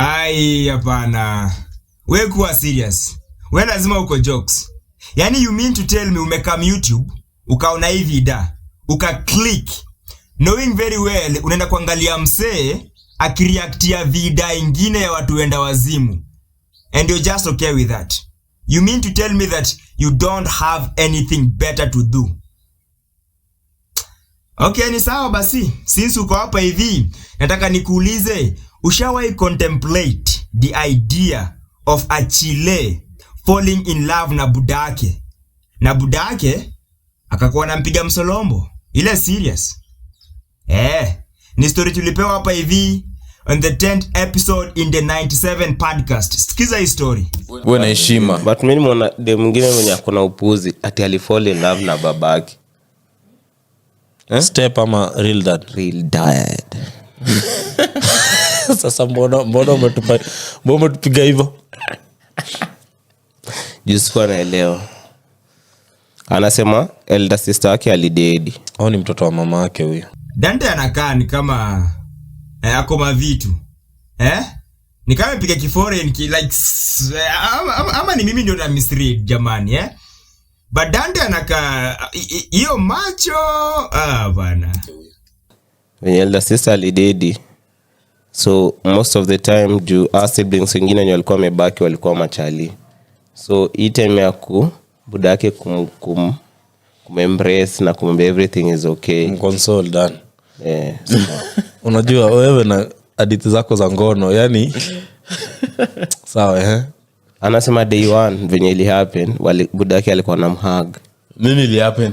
Ai, hapana. We kuwa serious. We lazima uko jokes. Yaani you mean to tell me umekam YouTube, ukaona hii video, uka click knowing very well unaenda kuangalia msee akireactia vida ingine ya watu wenda wazimu and you're just okay with that. You mean to tell me that you don't have anything better to do? Okay, ni sawa basi. Since uko hapa hivi, nataka nikuulize Ushawahi contemplate the idea of a Chile falling in love na budake na budake akakuwa anampiga msolombo ile serious? Eh, ni story tulipewa hapa hivi on the 10th episode in the 97 podcast. Sikiza hii story. Wewe na heshima. But mimi nimeona de mwingine mwenye akona upuzi ati alifall in love na babake. Eh? Step ama real dad. Real dad. sasa mbona mbona umetupa mbona umetupiga hivo juu sikuwa naelewa anasema elda sister wake alidedi au ni mtoto wa mama wake huyo dante anakaa ni kama eh, ako mavitu eh? ni kama piga kiforeign ki, like, eh, ama, ama, ama ni mimi ndio na misri jamani eh? but dante anakaa hiyo macho ah, bana venye elda sister alidedi so most of the time juu our siblings wengine wenye walikuwa wamebaki walikuwa machali so hii time ya ku buda yake kum, kum, kumembrace na kumwambia everything is okay yeah, so, unajua wewe na aditi zako za ngono yani sawa eh? anasema day one venye ili budake alikuwa na mhag nini ilihappen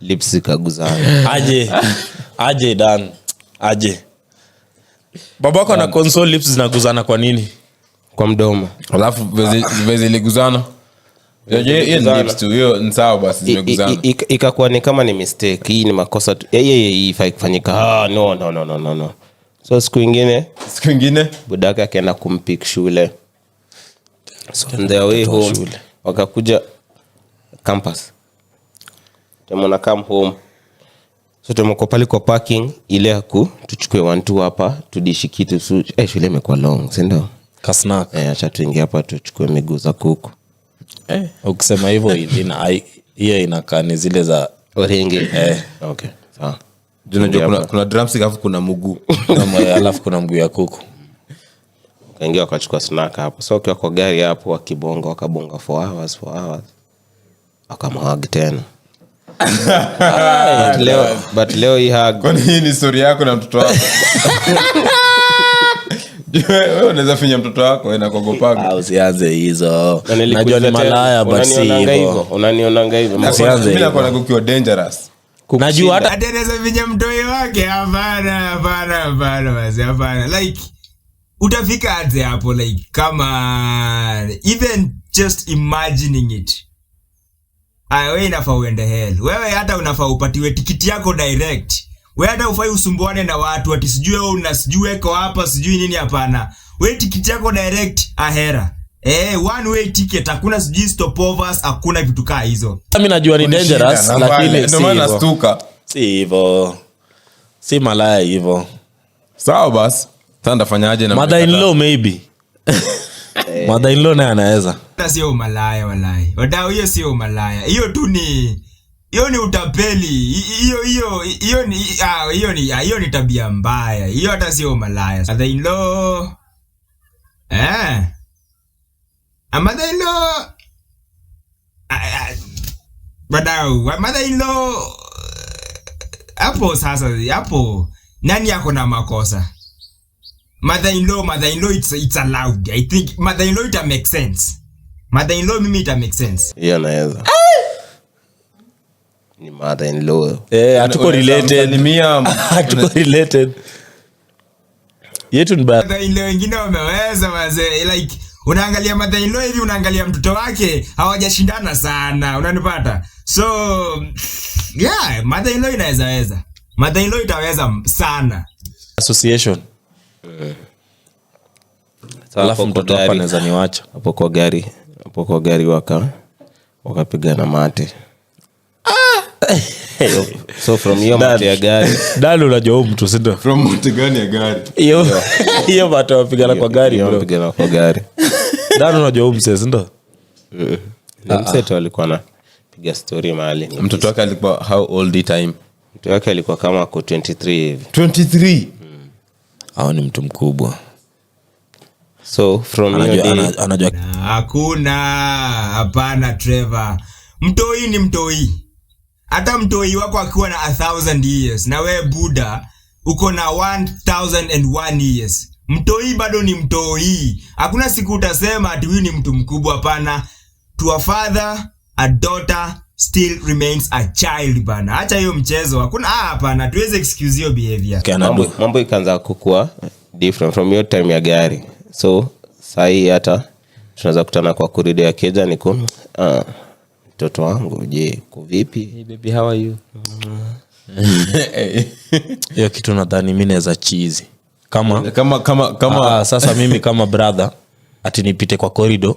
lips kaguzana aje aje dan aje baba yako ana console lips zinaguzana kwa nini kwa mdomo alafu veziliguzana ikakuwa ni kama ni mistake hii ni makosa tu ifai kufanyika ah, no, no, no, no, no, no. so siku ingine siku ingine budaka akaenda kumpik shule so, on home wakakuja campus tumona come home so tumekuwa pale kwa parking ile aku tuchukue one two hapa tudishi kitu so, eh, shule imekuwa long si ndio? Ka snack eh, acha tuingie hapa tuchukue miguu za kuku eh. Ukisema hivyo ina hiyo inakaa ni zile za orenge eh. Okay, sawa. Unajua kuna, kuna drumstick alafu kuna mguu alafu kuna mguu ya kuku kaingia wakachukua snack hapo so wakiwa kwa gari hapo wakibonga wakabonga for hours for hours wakamwag tena Alright, ah, but leo hii story yako na mtoto wako unaweza finya mtoto wako ah, ni malaya dangerous najua hata anaweza mtoi wake? Hapana, hapana, hapana, basi, hapana. Like, utafika hapo like kama even just imagining it Aya, wewe inafaa uende hell. Wewe hata unafaa upatiwe tikiti yako direct. Wewe hata ufai usumbuane na watu ati sijui wewe una sijui weko hapa sijui nini hapana. Wewe tikiti yako direct ahera. Eh, one way ticket hakuna sijui stopovers, hakuna vitu kaa hizo. Mimi najua ni dangerous lakini ndio maana nastuka. Si hivyo. Si malaya hivyo. Sawa basi. Tanda fanyaje na mother in law maybe. Eh. madhainlo naye anaweza sio umalaya walai wadao hiyo sio umalaya hiyo tu ni hiyo ni utapeli hiyo hiyo hiyo ni ah, hiyo ni ah, hiyo ni tabia mbaya hiyo hata sio umalaya madhainlo eh ah, madhainlo wadao madhainlo hapo sasa hapo nani yako na makosa mother-in-law, mother-in-law, it's, it's allowed. I think mother-in-law it makes sense. Mother-in-law mimi it makes sense. Hiyo yeah, naweza. Ni mother-in-law. Eh, hey, atuko related. Ni mia atuko related. Yetu ni baba. Mother-in-law wengine wameweza wazee like unaangalia mother-in-law hivi unaangalia mtoto wake hawajashindana sana, unanipata? So yeah, mother-in-law inaweza weza. Mother-in-law itaweza sana. Association alafu mtoto hapa niwacha kwa gari hapo kwa gari waka wakapigana mate ah! so from hiyo mate ya gari unajua huu mtu mate wapigana kwa kwa gari unajua huu msee eh, eh. stori mahali mtoto wake alikuwa how old time wake alikuwa kama ako 23 hivi 23 au ni mtu mkubwa so from anajua, anajua, anajua. hakuna hapana trevor mtoi ni mtoi hata mtoi wako akiwa na 1000 years na wewe buda uko na 1001 years mtoi bado ni mtoi hakuna siku utasema ati huyu ni mtu mkubwa hapana to a father a daughter still remains a child bana. Acha hiyo mchezo, hakuna ah, hapana, tuweze excuse hiyo behavior. okay, Mambo mambo ikaanza kukua different from your time ya gari, so sahi hata tunaweza kutana kwa korido ya keja ni niko uh, mtoto wangu, je, uko vipi? Hey baby how are you? Mm. hiyo kitu nadhani mi naweza chizi kama, kama, kama, kama. Aa, ah, sasa mimi kama brother atinipite kwa korido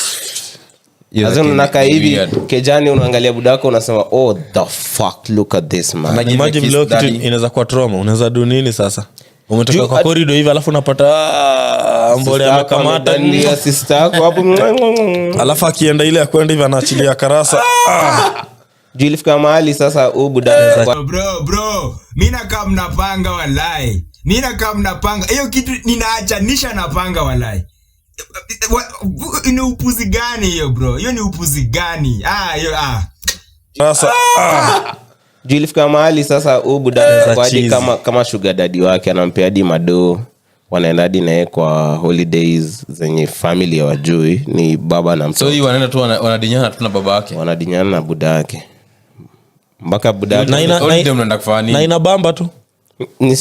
Azun unakaa hivi kejani unaangalia budako unasema oh the fuck look at this inaweza kuwa trauma, unaweza do nini sasa? Umetoka kwa korido hivi alafu unapata ah, mbole amekamata Alafu akienda ile akwenda hivi anaachilia karasa. Ah! Juu ilifika mahali sasa huu buda eh, bro nakaa mnapanga walai. Mimi nakaa mnapanga. Hiyo kitu ninaachanisha napanga walai ni upuzi gani hiyo bro hiyo ni upuzi gani ah, hiyo, ah. Sasa, ah. ah. juu ilifika mahali sasa huu budadi kama, kama shuga dadi wake anampea hadi madoo wanaenda hadi naye kwa holidays zenye famili ya wajui ni baba na mtoto. So, hii wanaenda tu wanadinyana tu na baba wake wanadinyana na buda yake mpaka buda yake na ina bamba tu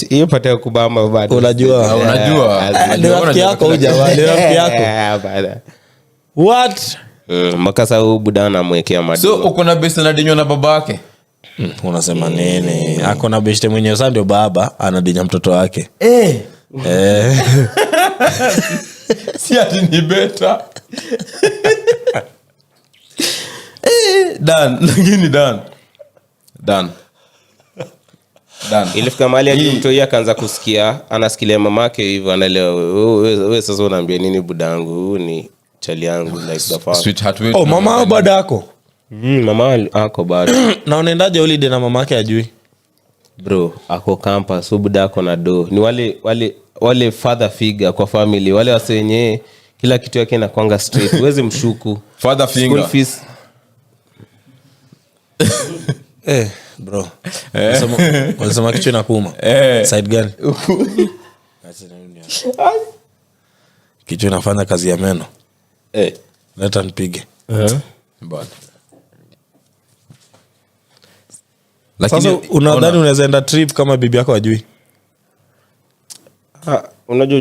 hiyo pata ya kubamba bado unajua unajua ni rafiki yako huyu rafiki yako what eh, mpaka saa buda namwekea madu so uko na besnadinywa na baba wake Mm, unasema nini ako na beshte mwenyewe saa ndio baba anadinya mtoto wake eh. Eh. si ati ni beta eh, dan lakini dan dan Ilifika mali hadi mtu yeye akaanza kusikia, anasikilia mamake hivyo, anaelewa wewe oh, sasa unaambia nini budangu, huu ni chali yangu like the Oh, mama au bada yako Mm, mama ako bado na unaendaje ulide na mamake ajui bro ako kampa subuda ako na do ni wale wale wale father figure kwa family wale wase kila kitu yake inakwanga straight huwezi mshuku Father finger. eh bro eh. wanasema kichwa eh. gani kichwa inafanya kazi ya meno eh. leta Lakini unadhani unaweza enda trip kama bibi yako ajui? Ah, unajua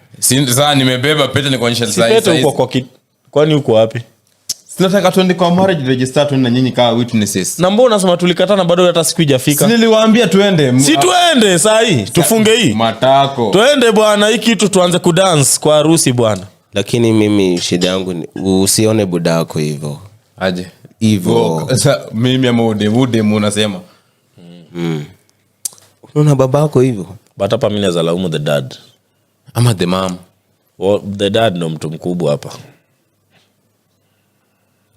Sasa nimebeba pete uko wapi? tuende kwa marriage register tuende na nyinyi witnesses. Na mbona unasema tulikatana bado hata siku niliwaambia tuende. Si tuende saa hii, tufunge hii. Matako. Tuende bwana, hii kitu tuanze kudance kwa harusi bwana. Lakini mimi shida yangu usione buda wako hivyo. Aje. Hivyo. mimi ama munasema. Mm. Hmm. Unaona hivyo. But hapa the dad ama the mam well, the dad ndo mtu mkubwa hapa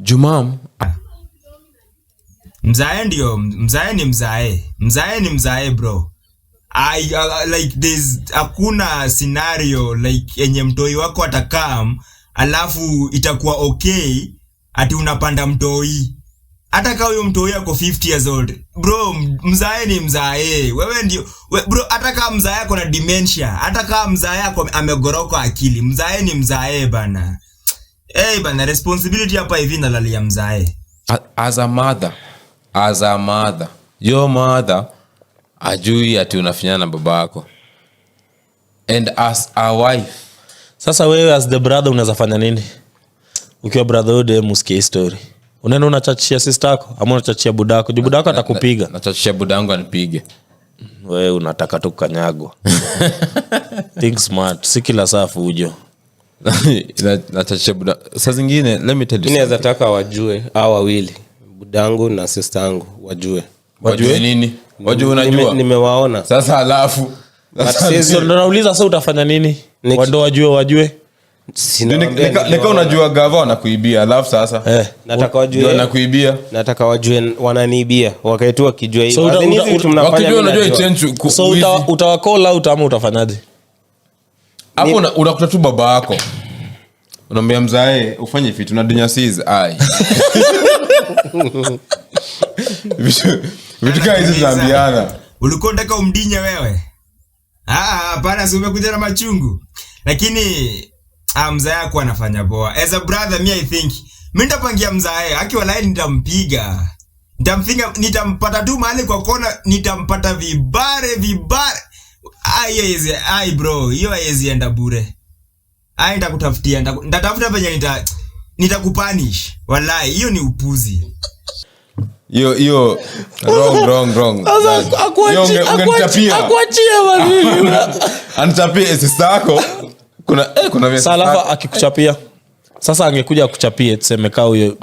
jumam mzae ndio mzae ni mzae mzae ni mzae bro I, uh, like there's hakuna scenario like yenye mtoi wako atakam alafu itakuwa okay ati unapanda mtoi hata kama huyo mtu huyo ako 50 years old bro, mzae ni mzae. Wewe ndio we, bro, hata kama mzae ako na dementia, hata kama mzae ako amegoroka akili, mzae ni mzae bana. Hey bana, responsibility hapa hivi nalalia mzae. As a mother, as a mother, your mother ajui ati unafinyana na babako, and as a wife. Sasa wewe as the brother unaweza fanya nini ukiwa brotherhood? Msikie story unaenda unachachia sister yako ama unachachia budako juu budako atakupiga nachachia budangu anipige we unataka tu kukanyagwa si kila saa fujo nachachia buda taka wajue a wawili budangu na sister yangu wajue wajue nimewaona nime sasa alafu nauliza sa utafanya nini Next. wado wajue wajue nika unajua gava wanakuibia alafu sasa eh. nataka wajue wanakuibia nataka wananiibia wakaitu wakijua so utawakola uta ama utafanyaje hapo unakuta tu baba yako unaambia mzae ufanye vitu nadunyasiz ai vitu kaa hizi zaambiana ulikuwa ndaka umdinya wewe ah, hapana ah, si umekuja na machungu lakini ah, yako anafanya poa. As a brother me I think mimi nitapangia mzaa yake, aki walai nitampiga. Nitamfinga, nitampata tu mahali kwa kona, nitampata vibare vibare. Ai yes, ai bro, hiyo haiwezi enda bure. Ai nitakutafutia, nitatafuta penye nita nitakupunish. Walai, hiyo ni upuzi. Yo, yo, wrong, wrong, wrong. Akuachia, akuachia, akuachia, akuachia, akuachia, akuachia, akuachia, kuna eh, kuna akikuchapia sasa angekuja kuchapie tuseme kaa huyo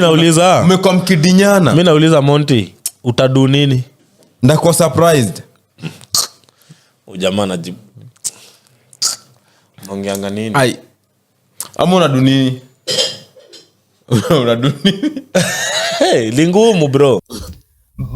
nauliza umekuwa mkidinyana mimi nauliza Monty utadu nini ndakuwa surprised ujamaa anajibu naongeanga nini ai ama unadu nini unadu nini lingumu bro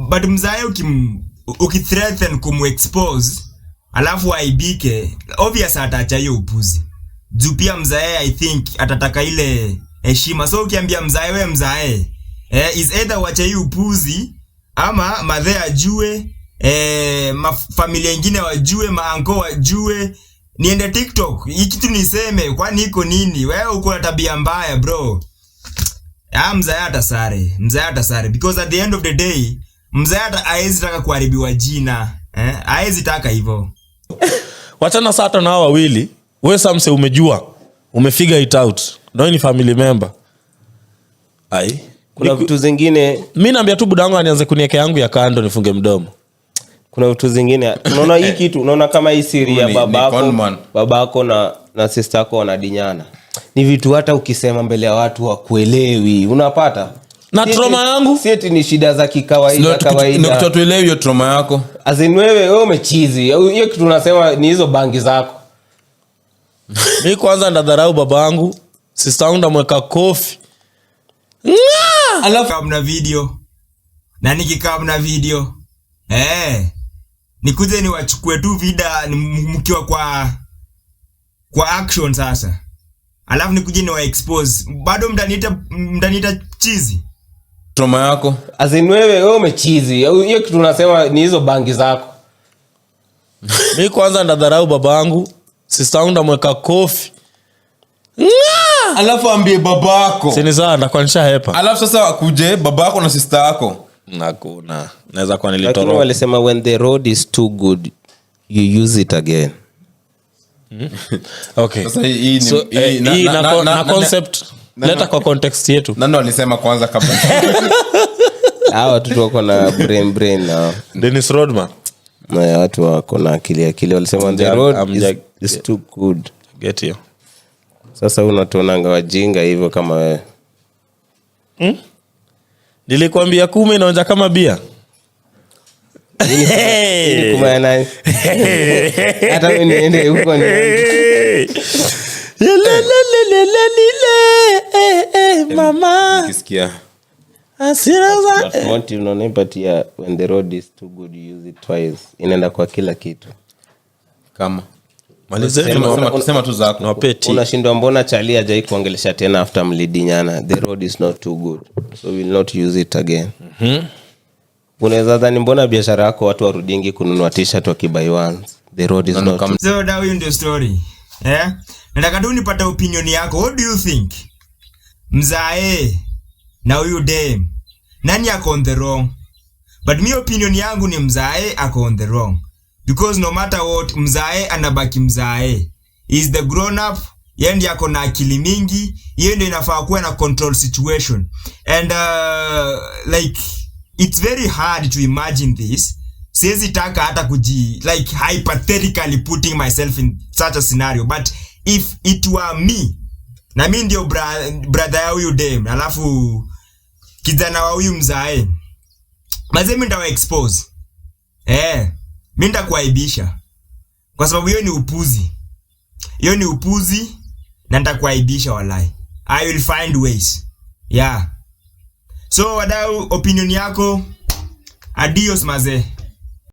but mzae ukim ukithreaten kumexpose alafu aibike, obvious atacha hiyo upuzi juu pia mzae I think atataka ile heshima. So ukiambia mzae we mzae eh, is either wacha hii upuzi ama madhe ajue eh, mafamilia ingine wajue, maanko wajue, niende TikTok hii kitu niseme, kwani iko nini? Wewe uko na tabia mbaya bro. Ah, mzae atasare, mzae atasare because at the end of the day mzae hata aezi taka kuharibiwa jina eh, aezi taka hivyo. Wachana sasa na hao wawili. we Samse umejua. umefiga it out. ni family member. Ai. Kuna vitu zingine. mi naambia tu wangu anianze kunieke yangu ya kando nifunge mdomo. Kuna vitu zingine. Unaona hii eh. kitu, unaona kama hii siri ya babako, babako na na sister yako wanadinyana. Ni vitu hata ukisema mbele ya watu wakuelewi Unapata? na si troma yangu si eti ni shida za kikawaida kawaida, ndio tuelewe hiyo troma yako. Azin wewe wewe umechizi hiyo kitu unasema ni hizo bangi zako. Mimi kwanza ndadharau babangu, sister yangu ndamweka kofi, alafu kamna video na nikikamna video eh, nikuje niwachukue tu vida mkiwa kwa kwa action sasa, alafu nikuje niwa expose bado mtaniita mtaniita chizi troma yako azinwewe wewe, we umechizi hiyo kitu unasema ni hizo bangi zako. Mi kwanza ndadharau babangu, sistangu ndamweka kofi alafu ambie baba babako sinizaa ndakuwa nishahepa, alafu sasa kuje babako na sista yako nakuna naweza kuwa nilitoroka. Walisema when the road is too good you use it again. Okay, sasa hii ni eh, hii, na concept leta kwa context yetu nani alisema kwanza kabla watoto wako na brain brain hao. denis rodman na ya watu wako na akili akili walisema the road I'm is, amja- is too good get you sasa unatuonanga wajinga hivyo kama wewe nilikwambia kumi inaonja kama bia Hey! hata niende huko Hey! lile lile eh, eh, mama Nikisikia hasira za eh. But motive when the road is too good you use it twice inaenda kwa kila kitu kama Malizeni, Sema- sema- una- sema tu zako nawapee tea. unashindwa mbona chali ajai kuongelesha tena after mlidinyana the road is not too good so will not use it again mm-hmm. unaweza dhani mbona biashara yako watu warudingi kununua t-shirt wakibai ones the road is not too Zoda, Eh? Nataka tu nipate opinion yako. What do you think? Mzae na huyu dem. Nani ako on the wrong? But mi opinion yangu ni mzae ako on the wrong. Because no matter what, mzae anabaki mzae. He is the grown up, yeye ndiye ako na akili mingi, yeye ndiye inafaa kuwa na control situation. And uh, like it's very hard to imagine this siwezi taka hata kuji like hypothetically putting myself in such a scenario but if it were me na mi ndio brother ya huyu dem alafu kijana wa huyu mzae maze mi ndawa expose eh mi ndakuaibisha kwa sababu hiyo ni upuzi hiyo ni upuzi na nitakuaibisha walai i will find ways yeah so wadau opinion yako adios mazee